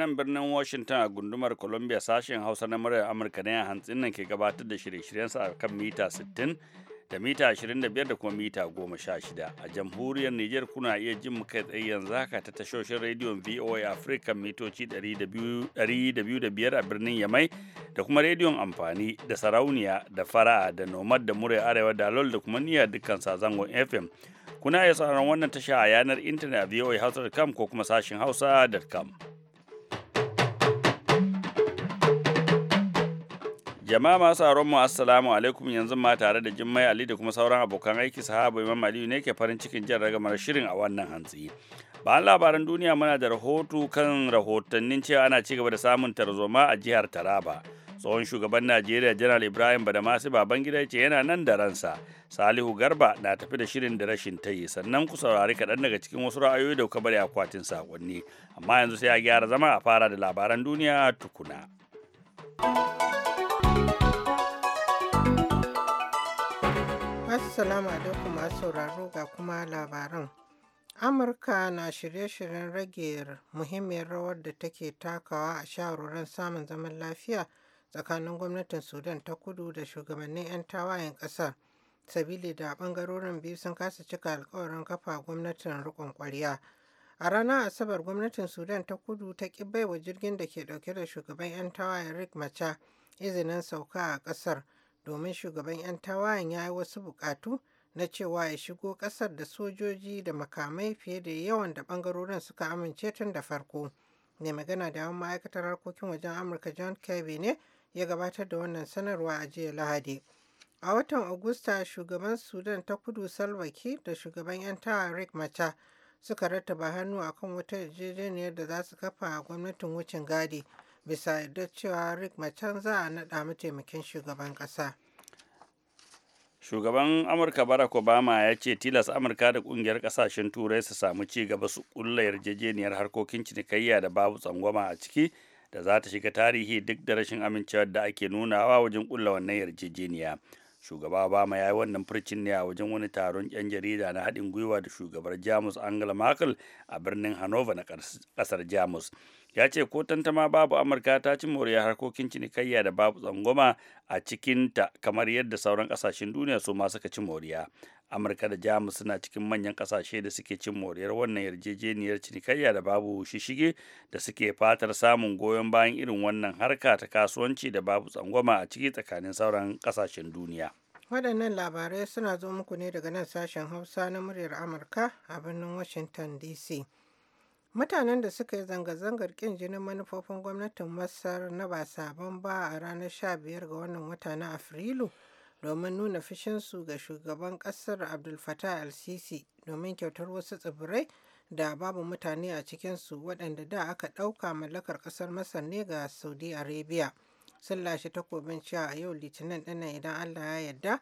nan birnin Washington a gundumar Columbia sashen Hausa na murar Amurka na hantsin nan ke gabatar da shirye-shiryensa a kan mita 60 da mita 25 da kuma mita 16. A jamhuriyar Nijar kuna iya jin mu kai tsaye yanzu haka ta tashoshin rediyon VOA Africa mitoci 205 a birnin Yamai da kuma rediyon amfani da sarauniya da fara'a da nomad da muryar arewa da lol da kuma niyyar dukkan sazangon FM. Kuna iya tsaron wannan tasha a yanar intanet a voahausa.com ko kuma sashin hausa.com. Jama'a masu aron mu assalamu alaikum yanzu ma tare da jimmai Ali da kuma sauran abokan aiki sahaba Imam Aliyu ne ke farin cikin jan ragamar shirin a wannan hantsi. Bayan labaran duniya muna da rahoto kan rahotannin cewa ana ci gaba da samun tarzoma a jihar Taraba. Tsohon shugaban Najeriya Janar Ibrahim Badamasi Babangida ce yana nan da ransa. Salihu Garba na tafi da shirin da rashin ta yi sannan ku saurari kaɗan daga cikin wasu ra'ayoyi da kuka bari akwatin saƙonni. Amma yanzu sai a gyara zama a fara da labaran duniya tukuna. Assalamu alaikum masu sauraro ga kuma labaran. Amurka na shirye-shiryen rage muhimmiyar rawar da take takawa a shawarwarin samun zaman lafiya tsakanin gwamnatin Sudan ta kudu da shugabannin 'yan tawayen ƙasar. Sabili da ɓangarorin biyu sun kasa cika alkawarin kafa gwamnatin riƙon ƙwarya. A ranar Asabar gwamnatin Sudan ta kudu ta ƙi baiwa jirgin da ke ɗauke da shugaban 'yan tawayen Rick Macha izinin sauka a ƙasar. domin shugaban 'yan tawayen ya yi wasu bukatu na cewa ya shigo kasar da sojoji da makamai fiye da yawan da bangarorin suka amince tun da farko mai magana da yawan ma'aikatar harkokin wajen amurka john kirby ne ya gabatar da wannan sanarwa a jiya lahadi a watan agusta shugaban sudan ta kudu salwaki da shugaban 'yan tawa rick mata suka rattaba hannu akan wata yarjejeniyar da za su kafa gwamnatin wucin gadi bisa yadda cewa rick macen za a naɗa mataimakin shugaban kasa. shugaban amurka barack obama ya ce tilas amurka da kungiyar kasashen turai su samu ci gaba su kulla yarjejeniyar harkokin cinikayya da babu tsangwama a ciki da za ta shiga tarihi duk da rashin amincewar da ake nunawa wajen kulla wannan yarjejeniya shugaba obama ya yi wannan furcin ne a wajen wani taron 'yan jarida na haɗin gwiwa da shugabar jamus angela merkel a birnin hanover na ƙasar jamus ya ce ko tantama babu amurka ta ci moriya harkokin cinikayya da babu tsangwama a cikinta kamar yadda sauran ƙasashen duniya su ma suka ci moriya amurka da jamus suna cikin manyan kasashe da suke cin moriyar wannan yarjejeniyar cinikayya da babu shishige da suke fatar samun goyon bayan irin wannan harka ta kasuwanci da babu tsangwama a ciki tsakanin sauran kasashen duniya waɗannan labarai suna zo muku ne daga nan sashen hausa na muryar amurka a birnin washington dc mutanen da suka yi zanga-zangar ƙin jinin manufofin gwamnatin masar na ba sabon ba a ranar 15 ga wannan wata na afrilu domin nuna fushinsu ga shugaban ƙasar Abdul fatah al-Sisi domin kyautar wasu tsibirai da babu mutane a cikinsu waɗanda da aka ɗauka mallakar ƙasar Masar ne ga Saudi Arabia. Sun lashe takobin cewa a yau Litinin ɗana idan Allah ya yarda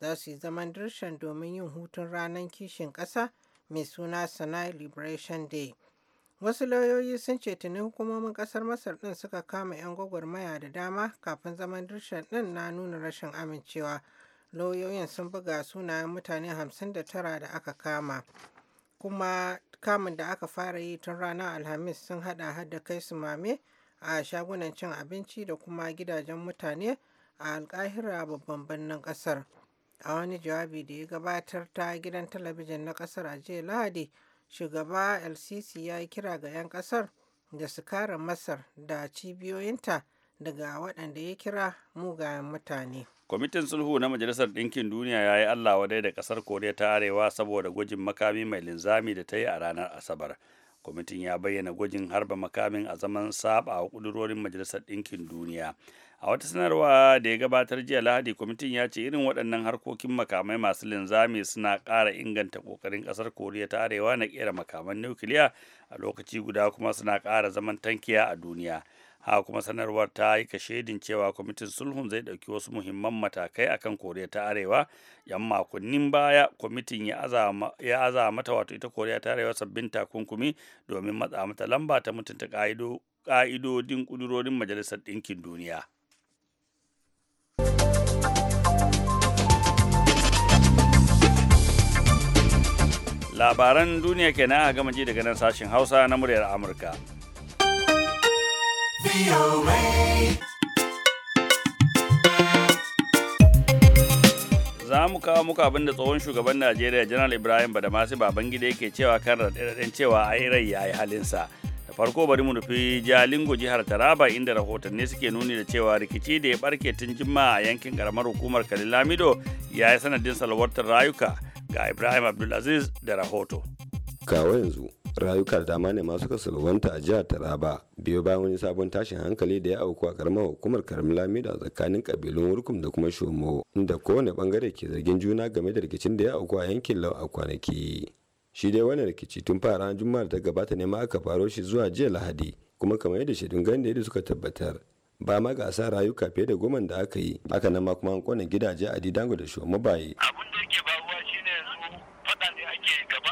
za su yi zaman dirshan domin yin hutun ranar kishin ƙasa mai suna Sana'a Liberation Day. Wasu lauyoyi sun ce tuni hukumomin kasar Masar ɗin suka kama 'yan gwagwarmaya da dama kafin zaman dirshan ɗin na nuna rashin amincewa. Lauyoyin sun buga sunayen mutane 59 da aka kama. Kuma kamun da aka fara yi tun ranar Alhamis sun hada hada kai su mame a shagunan cin abinci da kuma gidajen mutane a alkahira babban birnin kasar. A wani jawabi da ya gabatar ta gidan talabijin na kasar a jiya Lahadi. shugaba lcc ya yi kira ga 'yan kasar da su kare masar da cibiyoyinta daga waɗanda ya kira mugayen mutane kwamitin sulhu na majalisar ɗinkin duniya ya yi allah wadai da ƙasar koriya ta arewa saboda gwajin makami mai linzami da ta yi a ranar asabar kwamitin ya bayyana gwajin harba makamin a zaman saba a ƙudurorin majalisar ɗinkin duniya a wata sanarwa da ya gabatar jiya lahadi kwamitin ya ce irin waɗannan harkokin makamai masu linzami suna ƙara inganta ƙoƙarin ƙasar koriya ta arewa na ƙera makaman nukiliya a lokaci guda kuma suna ƙara zaman tankiya a duniya ha kuma sanarwar ta yi shaidin cewa kwamitin sulhun zai ɗauki wasu muhimman matakai akan koriya ta arewa yan makonnin baya kwamitin ya aza mata wato ita koriya ta arewa sabbin takunkumi domin matsa mata lamba ta mutunta ƙa'idodin ƙudurorin majalisar ɗinkin duniya labaran duniya ke kenan a gama ji daga nan sashen hausa na muryar amurka za mu kawo muku abin da tsohon shugaban najeriya janar ibrahim badamasi babangida yake cewa kan raɗaɗen cewa yi rai ya yi halinsa da farko bari mu nufi jalingo jihar taraba inda rahotanni suke nuni da cewa rikici da ya barke tun jimma a yankin karamar hukumar kalilamido ya yi sanadin salwartar rayuka ga ibrahim abdulaziz da rahoto kawo yanzu rayuka da dama ne masu kasalwanta a jihar taraba biyo bayan wani sabon tashin hankali da ya auku a karamar hukumar karamin lamida tsakanin kabilun wurkum da kuma shomo inda kowane bangare ke zargin juna game da rikicin da ya auku a yankin lau a kwanaki shi dai wani rikici tun fara juma'a ta gabata ne ma aka faro shi zuwa jiya lahadi kuma kamar yadda shaidun gani da yadda suka tabbatar ba ma ga sa rayuka fiye da goma da aka yi haka nan ma kuma an kona gidaje a didango da shomo baye abin da yake babu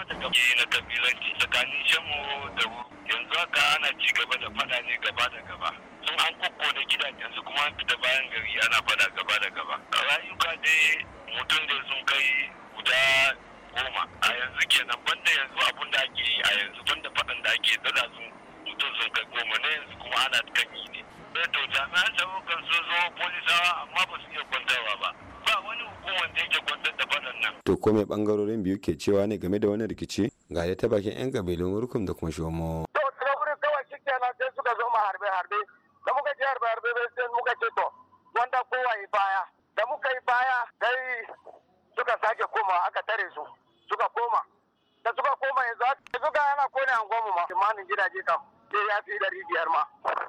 ta gaba na kabilanci tsakanin mu da yanzu haka ana ci gaba da fada ne gaba da gaba sun an kokkone gidajensu kuma an fita bayan gari ana fada gaba da gaba rayuka dai mutum da sun kai guda goma a yanzu kenan banda yanzu abun da ake yi a yanzu banda fadan da ake dada sun mutum sun kai goma na yanzu kuma ana kan yi ne. Eh to jami'an tsaro kan sun zo polisawa amma ba su iya kwantarwa ba ba wani hukumar da yake gwanzar da faɗan nan. To ko mai bangarorin biyu ke cewa ne game da wani rikici? Ga ya ta bakin 'yan kabilun rukun da kuma shomo. To tsibirin kawai shi na sai suka zo ma harbe-harbe. Da muka ji harbe-harbe sai muka ce to wanda kowa yi baya. Da muka yi baya dai suka sake koma aka tare su suka koma. Da suka koma yanzu suka yana kone angonmu ma. Kimanin gidaje kam. sai ya fi dari biyar ma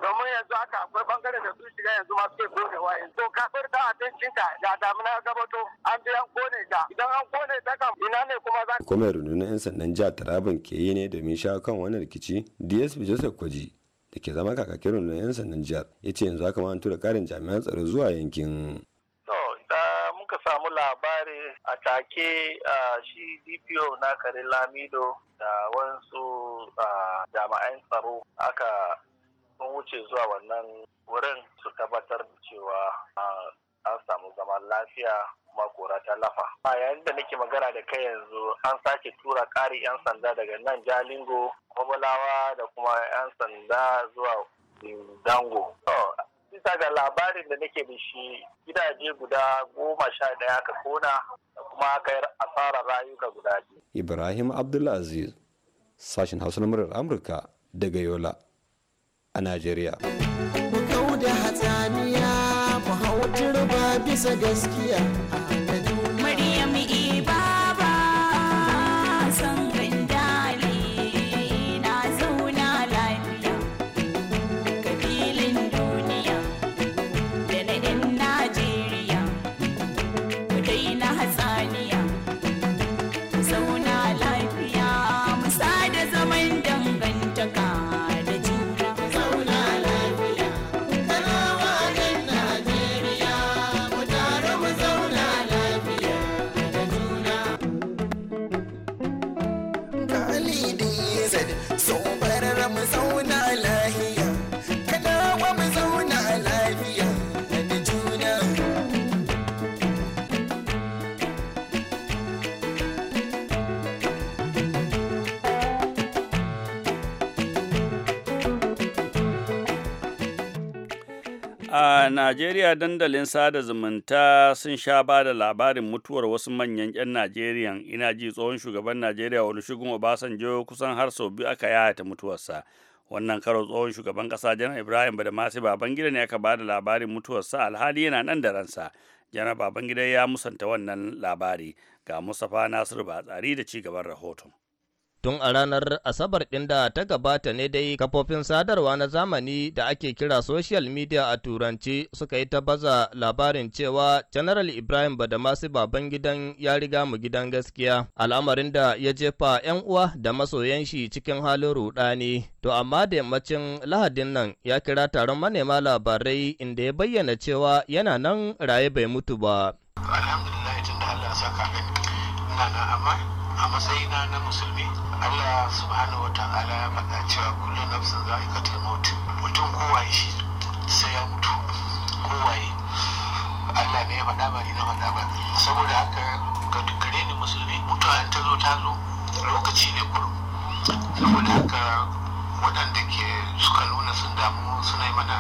domin yanzu haka akwai bangaren da su shiga yanzu ma suke konewa yanzu to kafin da abincinka ga damina gabato an biyan kone ta idan an kone ta kam ina ne kuma za kuma rundunar 'yan sandan jihar taraban ke yi ne domin shawo kan wani rikici dsp joseph kwaji da ke zama kakakin rundunar 'yan sandan jihar ya ce yanzu haka ma an tura karin jami'an tsaro zuwa yankin muka samu labari a take shi dpo na kare lamido da wansu jama'an tsaro aka sun wuce zuwa wannan wurin su tabbatar da cewa an samu zaman lafiya kuma makora ta lafa. A yayin da nake magana da kai yanzu an sake tura ƙari 'yan sanda daga nan Jalingo, Kobalawa da kuma 'yan sanda zuwa Dango. bisa ga labarin da nake da shi gidaje guda goma sha daya ka kona da kuma aka yi asarar rayuka guda biyu. Ibrahim Abdulaziz, sashen Hausa na murar Amurka daga Yola a Najeriya. Mu da hatsaniya, mu hau bisa gaskiya. A Najeriya dandalin sada zumunta sun sha ba da labarin mutuwar wasu manyan 'yan Najeriya ina ji tsohon shugaban Najeriya wani Olusegun Obasanjo kusan har sau biyu aka yayata mutuwarsa. Wannan karo tsohon shugaban kasa Janar Ibrahim Badamasi Babangida ne aka ba da labarin mutuwarsa alhali yana nan da ransa. Janar Babangida ya musanta wannan labari ga Mustapha Nasiru Batsari da ci gaban rahoton. Tun a ranar Asabar ɗin da ta gabata ne dai kafofin sadarwa na zamani da ake kira social media a turanci suka yi ta baza labarin cewa General Ibrahim Badamasi baban gidan ya riga mu gidan gaskiya, al'amarin da ya jefa 'yan uwa da masoyan shi cikin halin rudani, To amma da yammacin Lahadin nan ya kira taron manema labarai inda ya bayyana cewa yana nan raye bai mutu ba. Alhamdulillah da Allah saka amma a matsayina na musulmi Allah subhanahu wa ta'ala ya faɗa cewa kullum nafsin za a ikata maut mutum kowaye shi sai ya mutu kowaye Allah ne ya faɗa ba ni na faɗa ba saboda haka ga gare ni musulmi mutuwa in ta zo ta zo lokaci ne kuro saboda haka waɗanda ke suka nuna sun damu suna yi mana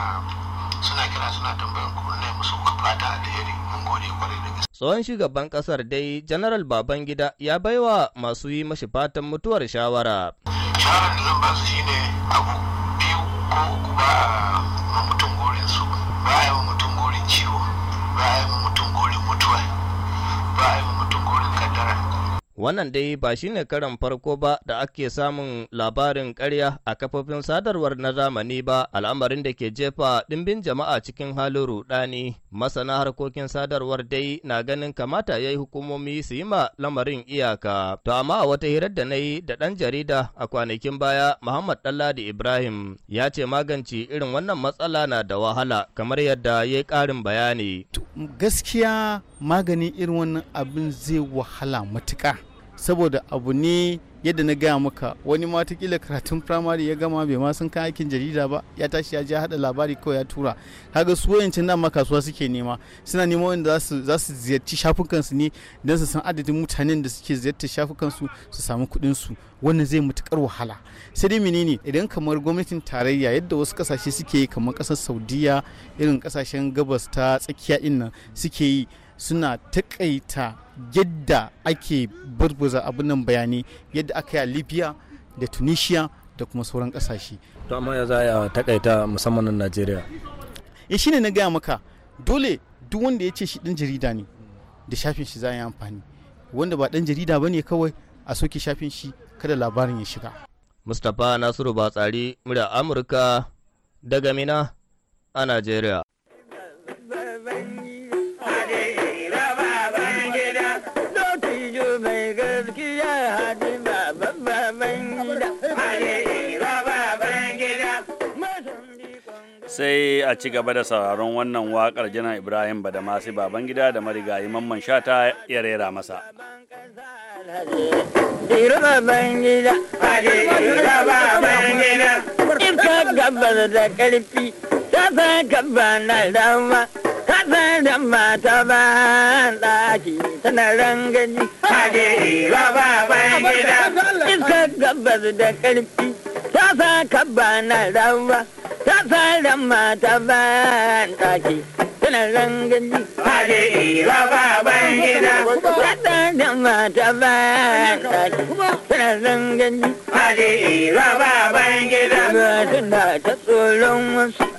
suna kira suna tambayan ku ne musu fata alheri mun gode kwarai da gaske. Tsohon shugaban kasar dai General Babangida ya baiwa masu yi mashi fatan mutuwar shawara. Shawarar da zan ba su shine abu biyu ko uku ba ma mutum gorin su ba a yi mutum gorin ciwo ba a yi mutum gorin mutuwa ba a yi Wannan dai ba shi ne karan farko ba da ake samun labarin karya a kafofin sadarwar na zamani ba al'amarin da ke jefa ɗimbin jama'a cikin halin ruɗani. Masana harkokin sadarwar dai na ganin kamata ya yi hukumomi su yi ma lamarin iyaka. To amma a wata hirar da na yi da ɗan jarida a kwanakin baya Muhammad Ɗanladi Ibrahim ya ce magance irin wannan matsala na da wahala kamar yadda ya yi ƙarin bayani. Gaskiya maganin irin wannan abin zai wahala matuƙa. saboda abu ne yadda na gaya maka wani ma kila karatun firamare ya gama bai ma sun kan aikin jarida ba ya tashi ya je hada labari kawai ya tura kaga su wayancin dama kasuwa suke nema suna nema wanda za su ziyarci shafukan su ne don su san adadin mutanen da suke ziyarta shafukan su su samu kuɗin su wannan zai matukar wahala sai dai menene idan kamar gwamnatin tarayya yadda wasu kasashe suke yi kamar kasar saudiya irin kasashen gabas ta tsakiya din suke yi suna taƙaita yadda ake burbuza abunan bayanai yadda aka yi a libya da tunisia da kuma sauran kasashe to amma ya za a takaita musamman na najeriya ya eh, shine na gaya maka dole duk wanda ya ce shi dan jarida ne da shafin shi za a yi amfani wanda ba dan jarida ba ne kawai a soke shafin shi kada labarin ya shiga mustapha nasiru batsari murya amurka daga mina a najeriya sai a ci gaba da sauraron wannan waƙar janar ibrahim badamasi babangida da marigayi mamman shata ya rera masa da ƙarfi ta gaba na dama ta da mata ba ɗaki tana rangani ba ba gida gabas da ƙarfi tasa kaba na rawa tasa rama ta ban taki tana rangaji hari ila ba ban gida tasa rama ta ban taki tana rangaji hari ila ba ban gida ba tana ta tsoron wasu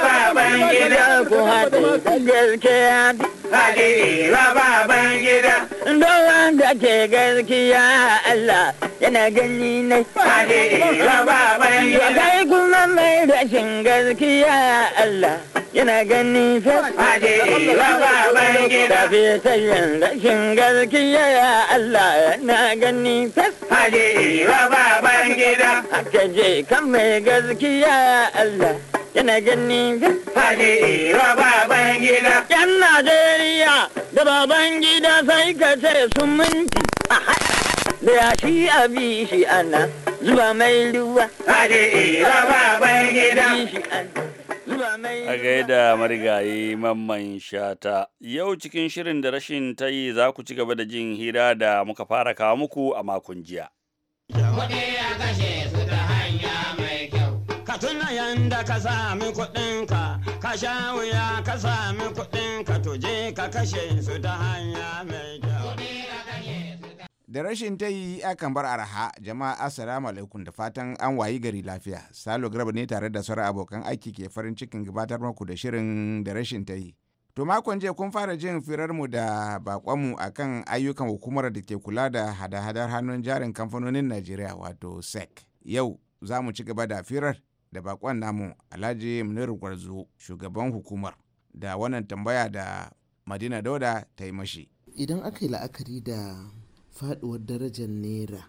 kun haɗe da gida. ke gaskiya Allah yana gani ne. Haɗewa baban gida. Kai kuma mai rashin gaskiya Allah yana gani fa. Haɗewa baban gida. Allah yana gani baban gida. Haka je kan mai gaskiya Allah. yana janni Hade wa baban gida. Yan Najeriya da baban gida sai ka ce sun minti. Da ya shi a bi shi ana zuba mai ruwa. Hade wa baban gida. A gaida marigayi mamman shata, yau cikin shirin da rashin ta yi za ku ci gaba da jin hira da muka fara kawo muku a makon jiya. Kuɗi a kashe suka ta tuna yanda ka sami kuɗinka ka sha wuya ka sami kuɗinka to je ka kashe su ta hanya mai kyau. Da rashin ta yi akan bar araha jama'a assalamu alaikum da fatan an wayi gari lafiya. Salo Garba ne tare da sauran abokan aiki ke farin cikin gabatar muku da shirin da rashin ta yi. To makon jiya kun fara jin firar mu da bakonmu a kan ayyukan hukumar da ke kula da hada-hadar hannun jarin kamfanonin Najeriya wato SEC. Yau za mu ci gaba da firar da bakon namu Alhaji Muniru Gwarzo shugaban hukumar da wannan tambaya da Madina Dauda ta yi mashi. Idan aka yi la'akari da faduwar darajar naira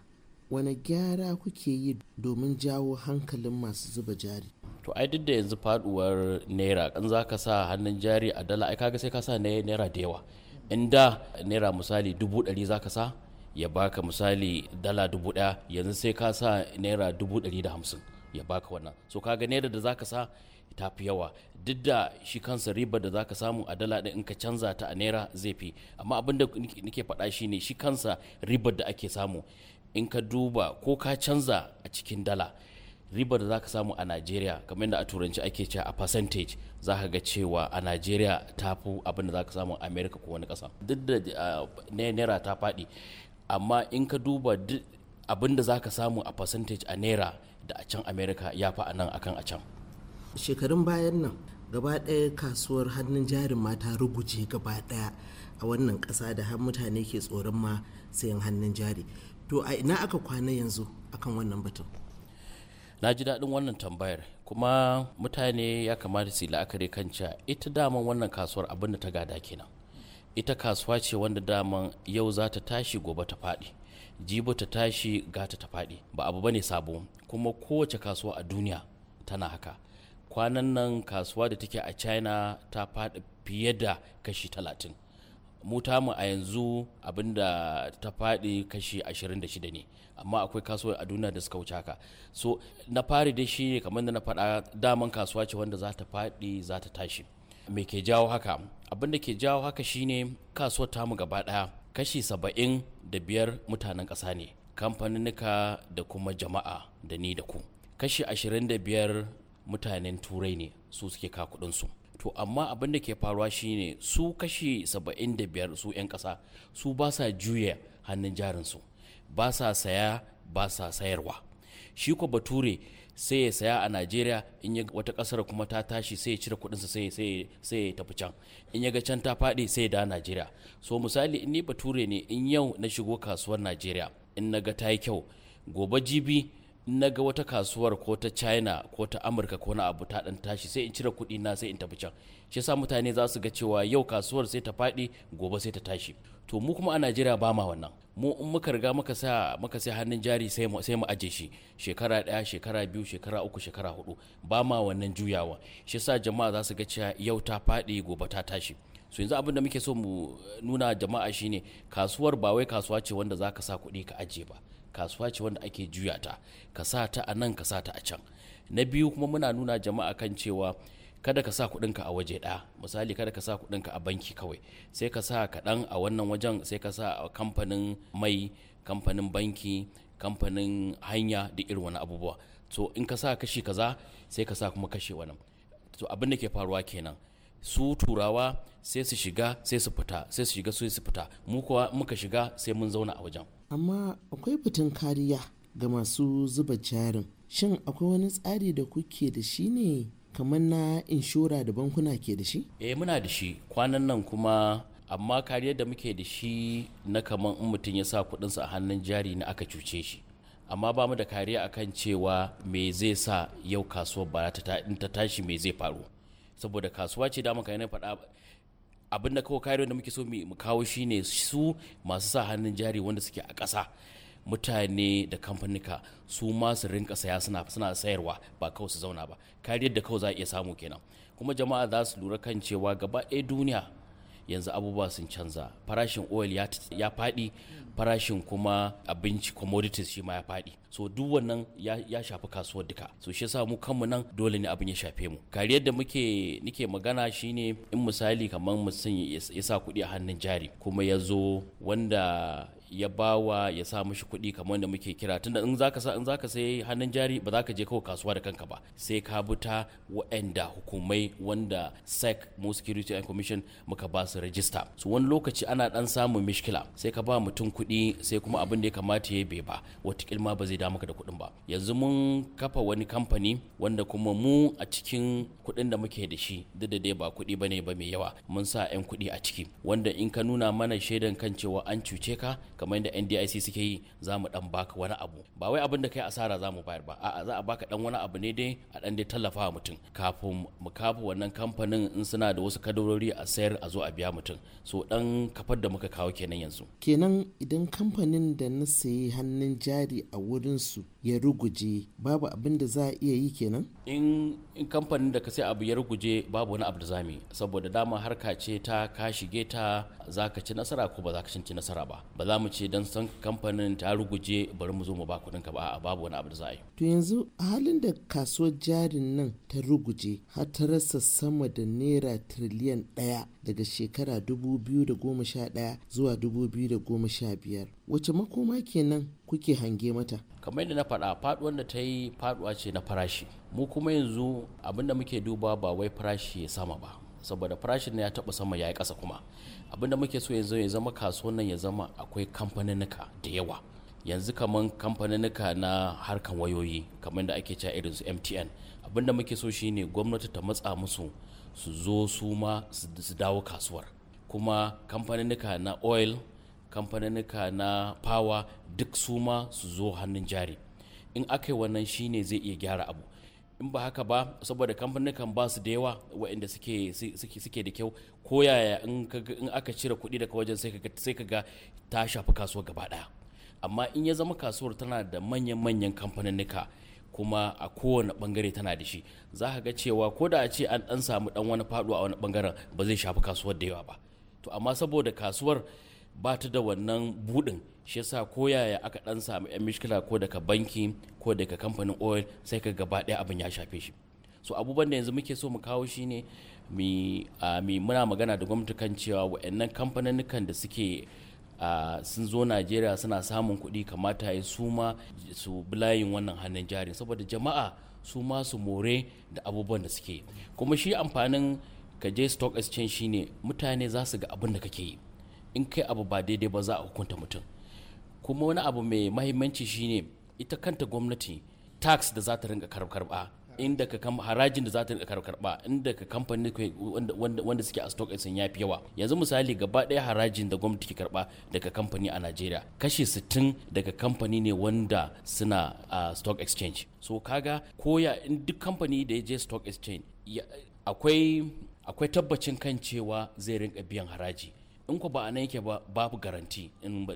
wani gyara kuke yi domin jawo hankalin masu zuba jari to ai duk da yanzu faduwar naira kan za ka sa hannun jari a dala ai kaga sai ka sa naira da yawa inda naira misali dubu ɗari za ka sa ya baka misali dala dubu ɗaya yanzu sai ka sa naira dubu ɗari da hamsin ya baka wannan so kaga naira da za ka sa ta fi yawa duk da shi kansa ribar da zaka samu a dala ɗin in ka canza ta a naira zai fi amma abin da nake faɗa shi ne shi kansa ribar da ake samu in ka duba ko ka canza a cikin dala riba da zaka samu a Najeriya kamar yadda a turanci ake cewa a percentage za ka ga cewa a Najeriya ta fi abin da zaka samu a America ko wani kasa duk da naira ta faɗi amma in ka duba duk abin da zaka samu a percentage a naira da a can america ya fi a nan akan a can shekarun bayan nan gaba ɗaya kasuwar hannun jarin mata ruguje gaba ɗaya a wannan ƙasa da har mutane ke tsoron ma sayan hannun jari to a ina aka kwana yanzu akan wannan batun na ji daɗin wannan tambayar kuma mutane ya kamata su la'akari kan cewa ita daman wannan kasuwar abin da ta gada kenan ita kasuwa ce wanda daman yau za ta tashi gobe ta faɗi jibo ta tashi gata ta faɗi ba abu bane sabo kuma kowace kasuwa a duniya tana haka kwanan nan kasuwa da take a china ta faɗi fiye da kashi talatin mu a yanzu abinda ta faɗi kashi ashirin da shida ne amma akwai kasuwa a duniya da suka wuce haka so na fari da shi kamar da na faɗa daman kasuwa ce wanda za ta faɗi za ta tashi me ke jawo haka abinda ke jawo haka shine kasuwar tamu gaba ɗaya kashi saba'in da biyar mutanen ƙasa ne kamfaninnika da kuma jama'a da ni da ku kashi ashirin da biyar mutanen turai ne su suke ka to amma abin da ke faruwa shine su kashi saba'in da biyar su 'yan ƙasa su ba sa juya hannun jarinsu ba sa saya ba sa sayarwa shi ko bature sai ya saya a najeriya in ya wata kasar kuma ta tashi sai ya cire kudinsa sai ya tafi can in ya ga can ta faɗi sai ya da najeriya so misali in ni bature ne in yau na shigo kasuwar najeriya in na ga ta yi kyau gobe jibi na ga wata kasuwar ko ta china ko ta amurka ko na abu ta dan tashi sai in cire kudi na sai in tafi can shi sa mutane za su ga cewa yau kasuwar sai ta fadi gobe sai ta tashi to mu kuma a najeriya ba ma wannan mu in muka riga muka sa muka sai hannun jari sai mu sai mu aje shi shekara daya shekara biyu shekara uku shekara hudu ba ma wannan juyawa shi sa jama'a za su ga cewa yau ta fadi gobe ta tashi su yanzu abin da muke so mu nuna jama'a shine kasuwar ba wai kasuwa ce wanda za ka sa kuɗi ka ajiye ba kasuwa ce wanda ake juya ta ka ta a nan ka ta a can na biyu kuma muna nuna jama'a kan cewa kada ka sa kuɗinka a waje ɗaya misali kada ka sa kuɗinka a banki kawai sai ka sa kaɗan a wannan wajen sai ka sa a kamfanin mai kamfanin banki kamfanin hanya da irin wani abubuwa so in ka sa kashi kaza sai ka sa kuma kashe wani to abin da ke faruwa kenan su turawa sai su shiga sai su fita sai su shiga sai su fita mu kuwa muka shiga sai mun zauna a wajen amma akwai fitin kariya ga masu zuba jarin shin akwai wani tsari da kuke da shi ne kamar na inshora da bankuna ke da shi eh muna da shi kwanan nan kuma amma kariyar da muke da shi na kamar in mutum ya sa kudinsa a hannun jari ne aka cuce shi amma ba mu da kariya akan cewa me zai sa yau kasuwar ba ta ta tashi me zai faru saboda kasuwa ce da muka yana faɗa abin da kawo da muke so mu kawo shine su masu sa hannun jari wanda suke a ƙasa mutane da kamfanika su ma su rinka saya suna suna sayarwa ba kawai su zauna ba kariyar da kawai za a iya samu kenan kuma jama'a za su lura kan cewa gaba ɗaya duniya yanzu abubuwa sun canza farashin oil ya faɗi farashin kuma abinci commodities shi ma ya faɗi so duk wannan ya shafi kasuwar duka so shi yasa mu kanmu nan dole ne abin ya shafe mu kariyar da muke nike magana shine in misali kamar mutum ya sa kuɗi a hannun jari kuma ya zo wanda ya bawa ya sa mishi kuɗi kamar da muke kira tunda in zaka sa in zaka sai hannun jari ba za ka je kawai kasuwa da kanka ba sai ka buta ta hukumai wanda SEC mu Security and Commission muka ba su rajista su wani lokaci ana dan samun mishkila sai ka ba mutum kuɗi sai kuma abin da ya kamata ya bai ba wata kilma ba zai da maka da kuɗin ba yanzu mun kafa wani kamfani wanda kuma mu a cikin kuɗin da muke da shi duk da dai ba kuɗi bane ba mai yawa mun sa 'yan kuɗi a ciki wanda in ka nuna mana shaidan kan cewa an cuce ka kamar yadda ndic suke yi za mu dan baka wani abu ba wai abin da kai asara za mu bayar ba a'a za a baka dan wani abu ne dai a dan dai tallafa wa mutum kafin mu kafa wannan kamfanin in suna da wasu kadarori a sayar a zo a biya mutum so dan kafar da muka kawo kenan yanzu kenan idan kamfanin da na sayi hannun jari a wurin su ya ruguje babu abin da za a iya yi kenan in kamfanin da ka sai abu ya ruguje babu wani abu da za saboda dama harka ce ta ka shige ta za ka ci nasara ko ba za ka ci nasara ba ba za mu ce don san kamfanin ta ruguje bari mu zo mu ba kuɗin ka ba babu wani abu da za a yi to yanzu a halin da kasuwar jarin nan ta ruguje har ta rasa sama da naira tiriliyan ɗaya daga shekara sha 2011 zuwa da biyar wace makoma kenan kuke hange mata kamar yadda na faɗa faɗuwar da ta yi faɗuwa ce na farashi mu kuma yanzu abinda muke duba ba wai farashi ya sama ba saboda farashin ya taɓa sama ya yi ƙasa kuma abinda muke so yanzu ya zama kasuwan nan ya zama akwai kamfaninnika da yawa yanzu kamar kamfaninnika na harkan wayoyi kamar da ake cewa irin su mtn da muke so shine gwamnati ta matsa musu su zo su ma su dawo kasuwar kuma kamfaninuka na oil kamfaninnika na fawa duk su ma su zo hannun jari in aka yi wannan shine zai iya gyara abu in ba haka ba saboda kamfanin ba su da yawa waɗanda suke da kyau ko yaya in aka cire kuɗi daga wajen sai ka ga ta shafi kasuwar gaba ɗaya amma in ya zama kasuwar tana da manyan-manyan kamfaninnika kuma a kowane bangare tana da shi za ka ga cewa ko da a ce an ɗan samu ɗan wani faɗo a wani bangaren ba zai shafi kasuwar da yawa ba to amma saboda kasuwar ba ta da wannan budin shi yasa ko yaya aka dan samu yan mishkila ko daga banki ko daga kamfanin oil sai ka gaba ɗaya abin ya shafe shi so abubuwan da yanzu muke so mu kawo shine mi mi muna magana da gwamnati kan cewa wa'annan kamfanin da suke Uh, sun zo najeriya suna samun kuɗi kamata ya su ma su layin wannan hannun jarin saboda jama'a su ma su more da abubuwan da suke kuma shi amfanin ka je stock exchange shine mutane za su ga abin da kake yi in kai abu ba daidai ba za a hukunta mutum kuma wani abu mai mahimmanci shine ita kanta gwamnati tax da za ta ringa karba inda ka kam harajin da za ta rinka karba inda ka kamfani wanda suke a stock exchange ya fi yawa yanzu misali gaba daya harajin da gwamnati ke karba daga kamfani a Najeriya kashi 60 daga kamfani ne wanda suna a stock exchange so kaga koya in duk kamfani da ya je stock exchange akwai akwai tabbacin kan cewa zai rinka biyan haraji in ku ba a nan yake ba babu garanti in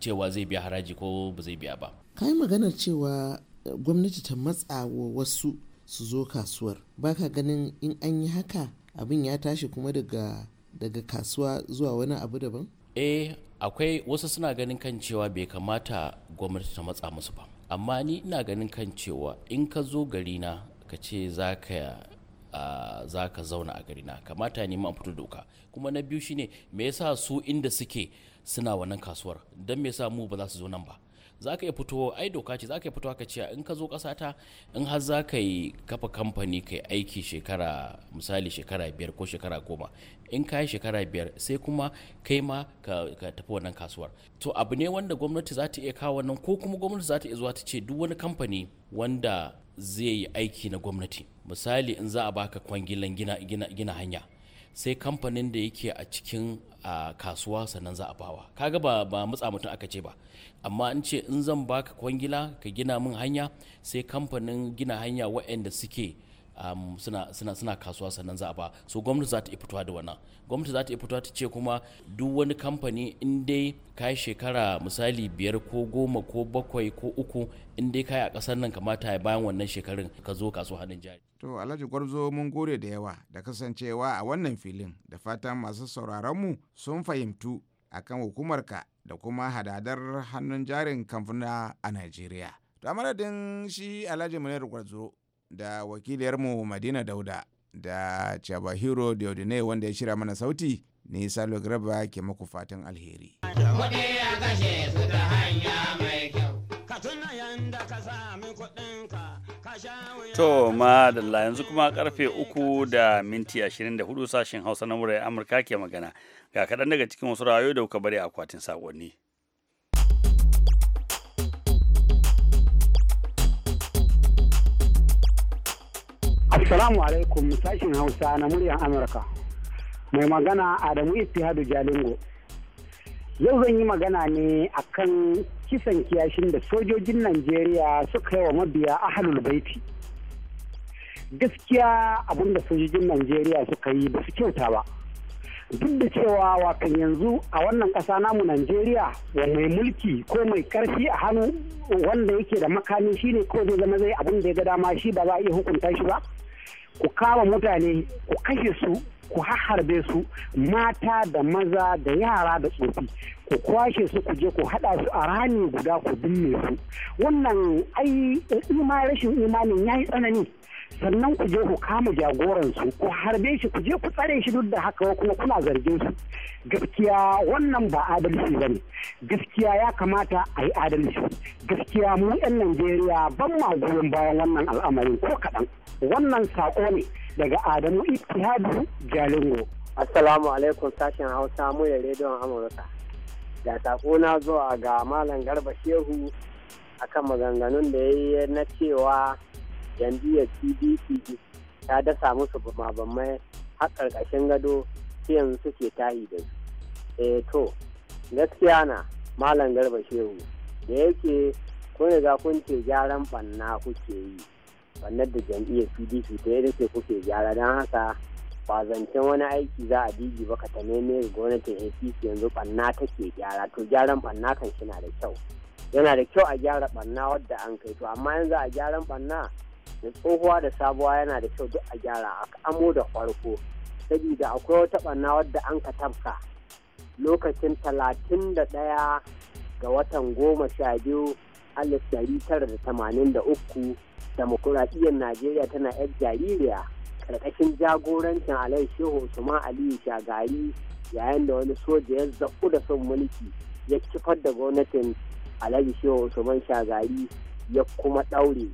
cewa zai biya haraji ko ba zai biya ba kai maganar cewa eh, gwamnati ta matsa wa wasu su zo kasuwar baka ganin in an yi haka abin ya tashi kuma daga kasuwa zuwa wani abu daban eh akwai wasu suna ganin kan cewa bai kamata gwamnati ta matsa musu ba amma ni ina ganin kan cewa in ka zo na ka ce za ka za ka zauna a gari na kamata ya nemi fito doka kuma na biyu shine me yasa su inda suke suna wannan kasuwar don me yasa mu ba za su zo nan ba za ka iya fito ai doka ce za ka iya fito ka ce in ka zo ta in har za ka yi kafa kamfani ka aiki shekara misali shekara biyar ko shekara goma in ka yi shekara biyar sai kuma kai ma ka, tafi wannan kasuwar to abu ne wanda gwamnati za ta iya kawo nan ko kuma gwamnati za ta iya zuwa ta ce duk wani kamfani wanda zai yi aiki na gwamnati misali in za a baka kwangilan gina, hanya sai kamfanin da yake a cikin a kasuwa sannan za a bawa kaga ba ba matsa mutum aka ce ba amma in ce in zan baka kwangila ka gina min hanya sai kamfanin gina hanya waɗanda suke um, suna, kasuwa sannan za a ba so gwamnati za ta iya fitowa da wannan gwamnati za ta iya fitowa ta ce kuma duk wani kamfani in dai ka shekara misali biyar ko goma ko bakwai ko uku in dai kai a ƙasar nan kamata ya bayan wannan shekarun ka zo kasuwa hannun jari to alhaji gwarzo mun gode da yawa da kasancewa a wannan filin da fatan masu sauraron mu sun fahimtu akan hukumarka da kuma hadadar hannun jarin kamfuna a najeriya to a shi alhaji munir gwarzo da wakiliyarmu madina dauda da chabahiro diodine wanda ya shirya mana sauti ni salo graba ke muku fatan alheri To da yanzu kuma karfe uku da minti ashirin da hudu sashen hausa na murai amurka ke magana ga kaɗan daga cikin wasu rayu da kuka bari akwatin saƙonni. Assalamu alaikum sashin Hausa na muryar Amurka. Mai magana Adamu ittihadu Jalingo. Yau zan yi magana ne akan kisan kiyashin da sojojin Najeriya suka yi wa mabiya ahalul baiti. Gaskiya da sojojin Najeriya suka yi ba su kyauta ba. Duk da cewa wakan yanzu a wannan ƙasa namu Najeriya wa mai mulki ko mai karfi a hannu wanda yake da makami shine ko zai zama zai abin da ya ga dama shi ba za a iya hukunta shi ba. ku kama mutane ku kashe su ku harbe su mata da maza da yara da tsofi ku kwashe su ku je ku haɗa su a rani guda ku binne su wannan ai eh, rashin imanin ya yi tsanani sannan ku je ku kama jagoransu ku harbe shi ku je ku tsare shi duk da haka kuma kuna zargin su gaskiya wannan ba adalci ba ne gaskiya ya kamata a yi adalci gaskiya mu 'yan najeriya ban ma goyon bayan wannan al'amarin ko kaɗan wannan saƙo ne daga adamu ittihadu jalingo assalamu alaikum sashen hausa mu da rediyon amurka da saƙo na zuwa ga malam garba shehu akan maganganun da ya yi na cewa jam'iyyar pdp ta dasa musu bamabamai har ƙarƙashin gado yanzu suke tahi da su eh to gaskiya na malam garba shehu da yake kun riga kun ce gyaran banna kuke yi bannar da jam'iyyar pdp ta yi ce kuke gyara don haka ba zancen wani aiki za a digi ba ka tameme gwamnatin apc yanzu banna take gyara to gyaran banna kan shi na da kyau yana da kyau a gyara banna wadda an kai to amma yanzu a gyaran banna da tsohuwa da sabuwa yana da kyau duk a gyara a amo da farko saboda akwai wata ɓanna wadda an ka tafka lokacin talatin da ɗaya ga watan goma sha biyu alif dari tara da tamanin da uku demokuraɗiyyar najeriya tana yar jaririya ƙarƙashin jagorancin alai shehu usman aliyu shagari yayin da wani soja ya zaɓu da son mulki ya kifar da gwamnatin alai shehu usman shagari ya kuma ɗaure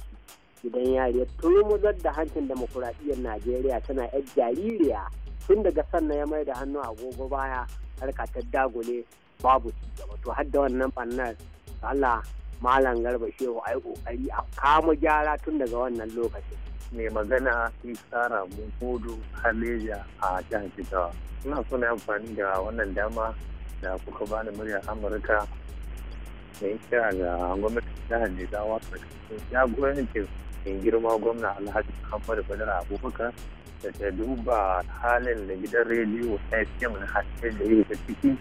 gidan yari ya turmuzar da hancin demokuraɗiyyar najeriya tana yar jaririya tun daga sannan ya mai da hannu agogo baya harka ta dagule babu cigaba to har wannan bannar allah malam garba shehu ai kokari a kama gyara tun daga wannan lokacin mai magana isa ramu hudu haleja a jihar kitawa ina so na amfani da wannan dama da kuka bani murya amurka da ya kira ga gwamnatin jihar nizawa ya goyon teku in girma gwamna alhaji muhammad badara abubakar da ta duba halin da gidan rediyo fm na hasken da yake ciki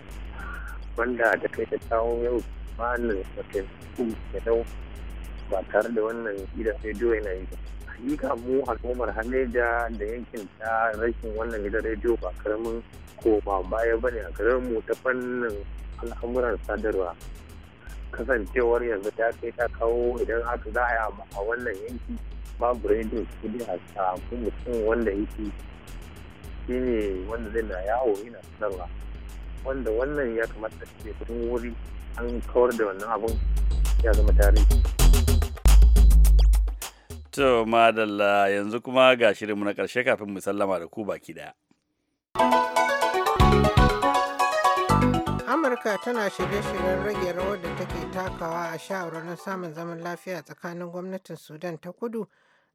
wanda ta kai ta kawo yau malin da kenan ba tare da wannan gidan rediyo yana yi hakika mu al'ummar haneja da yankin ta rashin wannan gidan rediyo ba karamin ko ba baya bane a karamin mu ta fannin al'amuran sadarwa kasancewar yanzu ta kai ta kawo idan aka za a yi a wannan yanki babu rediyo studio a samu mutum wanda yake shi ne wanda zai na yawo yana sanarwa wanda wannan ya kamata ce tun wuri an kawar da wannan abun ya zama tarihi to madalla yanzu kuma ga shirinmu na karshe kafin mu sallama da ku baki ɗaya. amurka tana shirye-shiryen rage rawar da take takawa a shawarwarin samun zaman lafiya tsakanin gwamnatin sudan ta kudu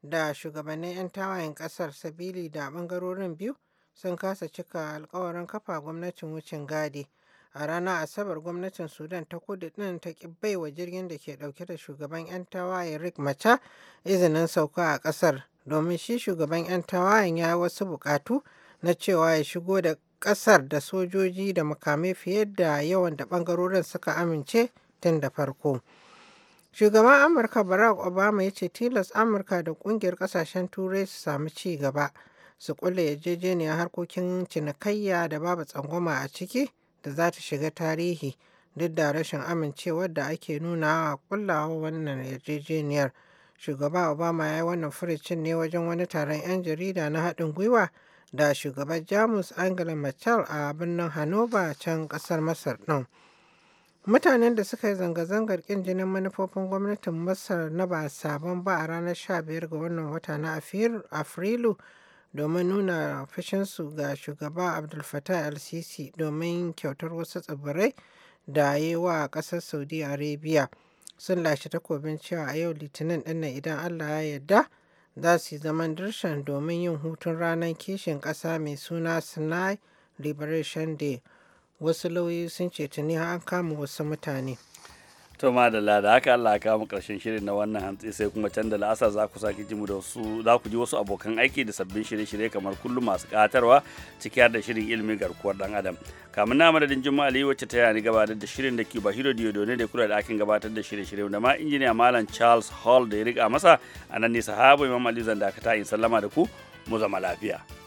da shugabannin 'yan tawayen kasar sabili da bangarorin biyu sun kasa cika alkawarin kafa gwamnatin wucin gadi a ranar asabar gwamnatin sudan ta kudu din ta ki wa jirgin da ke dauke da shugaban 'yan tawayen rick macha izinin sauka a kasar domin shi shugaban 'yan tawayen ya wasu bukatu na cewa ya shigo da ƙasar da sojoji da makamai fiye da yawan da bangarorin suka amince tun da farko. Shugaban Amurka Barack Obama ya ce tilas Amurka da ƙungiyar ƙasashen Turai su samu ci gaba su kulle yarjejeniyar harkokin cinikayya da babu tsangwama a ciki da za ta shiga tarihi duk da rashin amincewar da ake nuna a kullawa wannan yarjejeniyar. Shugaba Obama ya yi wannan furicin ne wajen wani taron 'yan jarida na haɗin gwiwa da shugaban Jamus Angela Merkel a birnin hannover can ƙasar Masar ɗin. Mutanen da suka yi zanga-zangar ƙin jinin manufofin gwamnatin Masar na ba sabon ba a ranar 15 ga wannan wata na Afrilu domin nuna fushinsu ga shugaba Abdul Fatah el-Sisi domin kyautar wasu tsibirai da yi wa ƙasar Saudi Arabia. Sun lashe takobin cewa a yau Litinin ɗin idan Allah ya yarda. za su yi zaman dirshan domin yin hutun ranar kishin ƙasa mai suna Sinai Liberation Day. Wasu lauyoyi sun ce tuni an kama wasu mutane. to ma da lada haka Allah ya kawo karshen shirin na wannan hantsi sai kuma can da la'asa za ku sake jimu da su za ku ji wasu abokan aiki da sabbin shirye-shirye kamar kullum masu katarwa ciki har da shirin ilimi garkuwar dan adam kamun na madadin juma'a aliyu wacce ta yani gabatar da shirin da ke ba hiro diyo ne da kula da akin gabatar da shirye-shirye da ma injiniya malam charles hall da ya riga masa a nan ne sahabu imam aliyu zan dakata in sallama da ku mu zama lafiya.